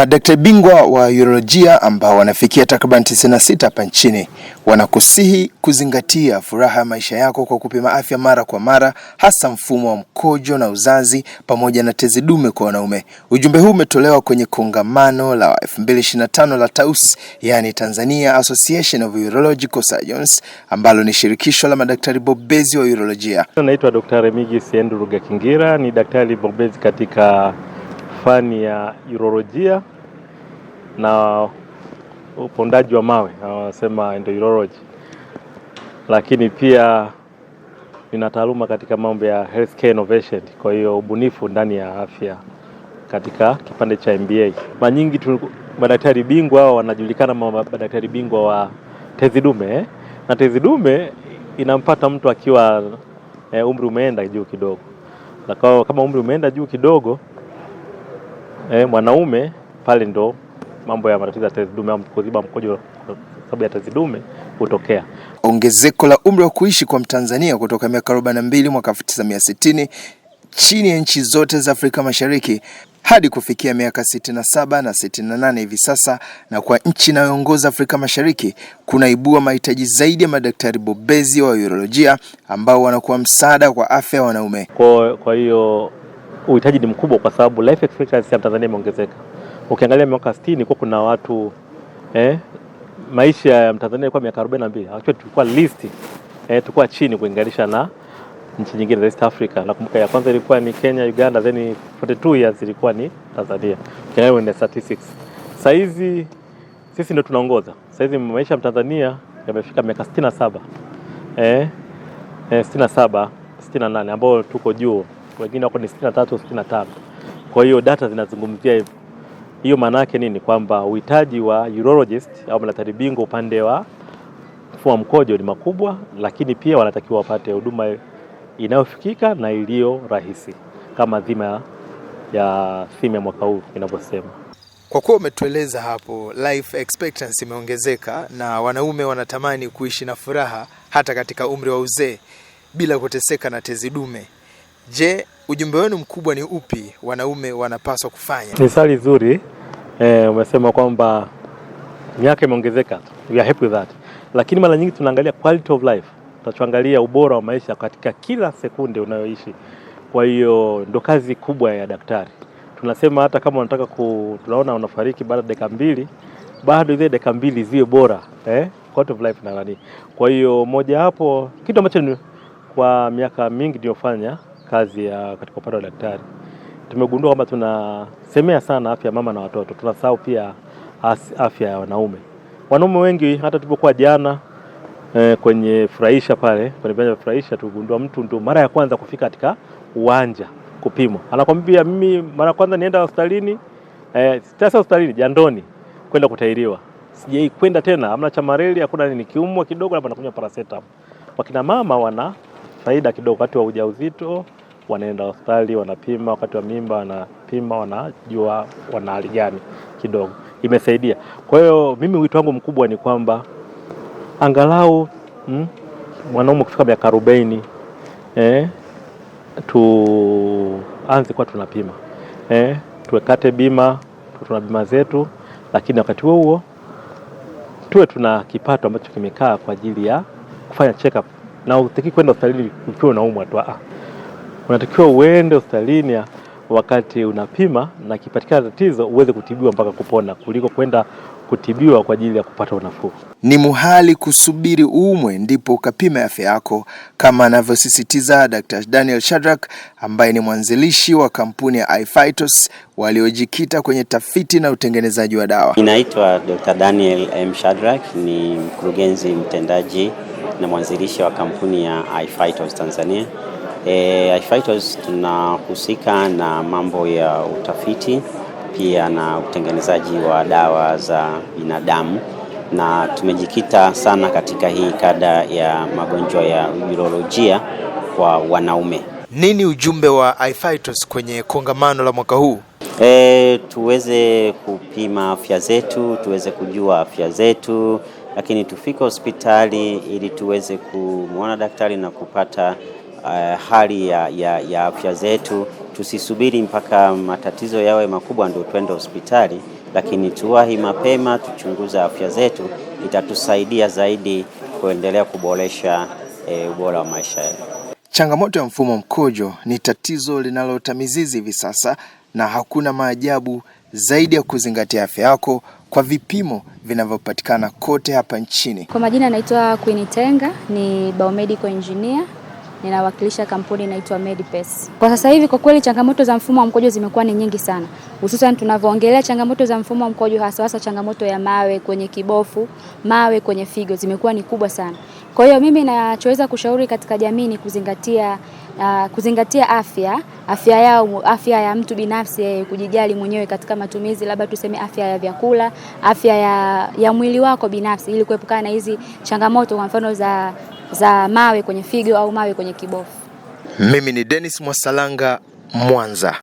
Madaktari bingwa wa urolojia ambao wanafikia takriban 96 hapa nchini wanakusihi kuzingatia furaha ya maisha yako kwa kupima afya mara kwa mara, hasa mfumo wa mkojo na uzazi pamoja na tezi dume kwa wanaume. Ujumbe huu umetolewa kwenye kongamano la 2025 la TAUS, yani Tanzania Association of Urological Surgeons, ambalo ni shirikisho la madaktari bobezi wa urolojia. Naitwa Daktari Remigi Siendu Rugakingira, ni daktari bobezi katika fani ya urolojia na upondaji wa mawe wanasema endourology, lakini pia nina taaluma katika mambo ya healthcare innovation, kwa hiyo ubunifu ndani ya afya katika kipande cha MBA. Mara nyingi madaktari bingwa hao wanajulikana kama madaktari bingwa wa tezi dume, eh? na tezi dume inampata mtu akiwa eh, umri umeenda juu kidogo, na kama umri umeenda juu kidogo eh, mwanaume pale ndo mambo ya matatizo ya tezi dume au kuziba mkojo sababu ya tezi dume hutokea. Ongezeko la umri wa kuishi kwa Mtanzania kutoka miaka 42 mwaka 1960 chini ya nchi zote za Afrika Mashariki hadi kufikia miaka 67 na 68 hivi sasa, na kwa nchi inayoongoza Afrika Mashariki kunaibua mahitaji zaidi ya madaktari bobezi wa urolojia ambao wanakuwa msaada kwa afya ya wanaume. Kwa hiyo uhitaji ni mkubwa kwa sababu life expectancy ya Tanzania imeongezeka. Ukiangalia miaka 60 ilikuwa kuna watu eh, maisha ya Mtanzania ilikuwa miaka 42. Hakika tulikuwa list eh, tulikuwa chini kuinganisha na nchi nyingine za East Africa. Nakumbuka ya kwanza ilikuwa ni Kenya, Uganda, then 42 years ilikuwa ni Tanzania. Kenya ni statistics. Sasa hizi sisi ndio tunaongoza. Sasa hizi maisha ya Mtanzania yamefika miaka 67. Eh, eh 67, 68 ambao tuko juu wengine wako ni 63 65. Kwa hiyo data zinazungumzia hivyo. Hiyo maana yake nini? Kwamba uhitaji wa urologist au madaktari bingwa upande wa mfumo wa mkojo ni makubwa, lakini pia wanatakiwa wapate huduma inayofikika na iliyo rahisi kama dhima ya simu ya mwaka huu inavyosema. Kwa kuwa umetueleza hapo, life expectancy imeongezeka na wanaume wanatamani kuishi na furaha hata katika umri wa uzee bila kuteseka na tezi dume. Je, ujumbe wenu mkubwa ni upi? Wanaume wanapaswa kufanya? Ni swali zuri. Eh, umesema kwamba miaka imeongezeka, we are happy with that, lakini mara nyingi tunaangalia quality of life, tunachoangalia ubora wa maisha katika kila sekunde unayoishi. Kwa hiyo ndo kazi kubwa ya daktari. Tunasema hata kama unataka ku, tunaona unafariki baada ya dakika mbili, bado ile dakika mbili ziwe bora eh? quality of life na nani. Kwa hiyo moja hapo kitu ambacho kwa miaka mingi niliyofanya kazi ya katika upande wa daktari, tumegundua kwamba tunasemea sana afya ya mama na watoto, tunasahau pia afya ya wanaume. Wanaume wengi hata tulipokuwa jana eh, kwenye furahisha pale kwenye viwanja vya furahisha, tugundua mtu ndio mara ya kwanza kufika katika uwanja kupimwa, anakwambia mimi mara ya kwanza nienda hospitalini eh, sasa hospitalini jandoni kwenda kutahiriwa, sijai kwenda tena, amna cha mareli, hakuna nini, kiumwa kidogo labda nakunywa paracetamol. Wakina mama wana faida kidogo wakati wa ujauzito wanaenda hospitali wanapima, wakati wa mimba wanapima, wanajua wana hali gani kidogo, imesaidia. Kwa hiyo mimi wito wangu mkubwa ni kwamba angalau mm, mwanaume kufika miaka arobaini eh, tuanze kuwa tunapima eh, tuwekate bima, tuna bima zetu, lakini wakati huo huo tuwe tuna kipato ambacho kimekaa kwa ajili ya kufanya check up na utaki kwenda hospitalini ukiwa unaumwa tu. Ah, unatakiwa uende hospitalini wakati unapima na kipatikana tatizo uweze kutibiwa mpaka kupona kuliko kwenda kutibiwa kwa ajili ya kupata unafuu. Ni muhali kusubiri umwe ndipo ukapime afya yako, kama anavyosisitiza Dr. Daniel Shadrack ambaye ni mwanzilishi wa kampuni ya iPhytos waliojikita kwenye tafiti na utengenezaji wa dawa. Ninaitwa Dr. Daniel M. Shadrack, ni mkurugenzi mtendaji na mwanzilishi wa kampuni ya iPhytos Tanzania. E, Ashfighters tunahusika na mambo ya utafiti pia na utengenezaji wa dawa za binadamu na tumejikita sana katika hii kada ya magonjwa ya urolojia kwa wanaume. Nini ujumbe wa Ashfighters kwenye kongamano la mwaka huu? E, tuweze kupima afya zetu, tuweze kujua afya zetu, lakini tufike hospitali ili tuweze kumwona daktari na kupata uh, hali ya, ya, ya afya zetu. Tusisubiri mpaka matatizo yawe makubwa ndio twende hospitali, lakini tuwahi mapema, tuchunguze afya zetu, itatusaidia zaidi kuendelea kuboresha eh, ubora wa maisha yetu. Changamoto ya mfumo mkojo ni tatizo linalota mizizi hivi sasa, na hakuna maajabu zaidi ya kuzingatia afya yako kwa vipimo vinavyopatikana kote hapa nchini. Kwa majina, anaitwa Queen Tenga, ni biomedical engineer ninawakilisha kampuni inaitwa Medipes. Kwa sasa hivi kwa kweli changamoto za mfumo wa mkojo zimekuwa ni nyingi sana, hususan tunavyoongelea changamoto za mfumo wa mkojo, hasa hasa changamoto ya mawe kwenye kibofu, mawe kwenye figo zimekuwa ni kubwa sana. Kwa hiyo mimi nachoweza kushauri katika jamii ni kuzingatia Uh, kuzingatia afya afya yao, afya ya mtu binafsi yeye, eh, kujijali mwenyewe katika matumizi, labda tuseme afya ya vyakula, afya ya, ya mwili wako binafsi, ili kuepukana na hizi changamoto, kwa mfano za za mawe kwenye figo au mawe kwenye kibofu. Mimi ni Dennis Mwasalanga Mwanza.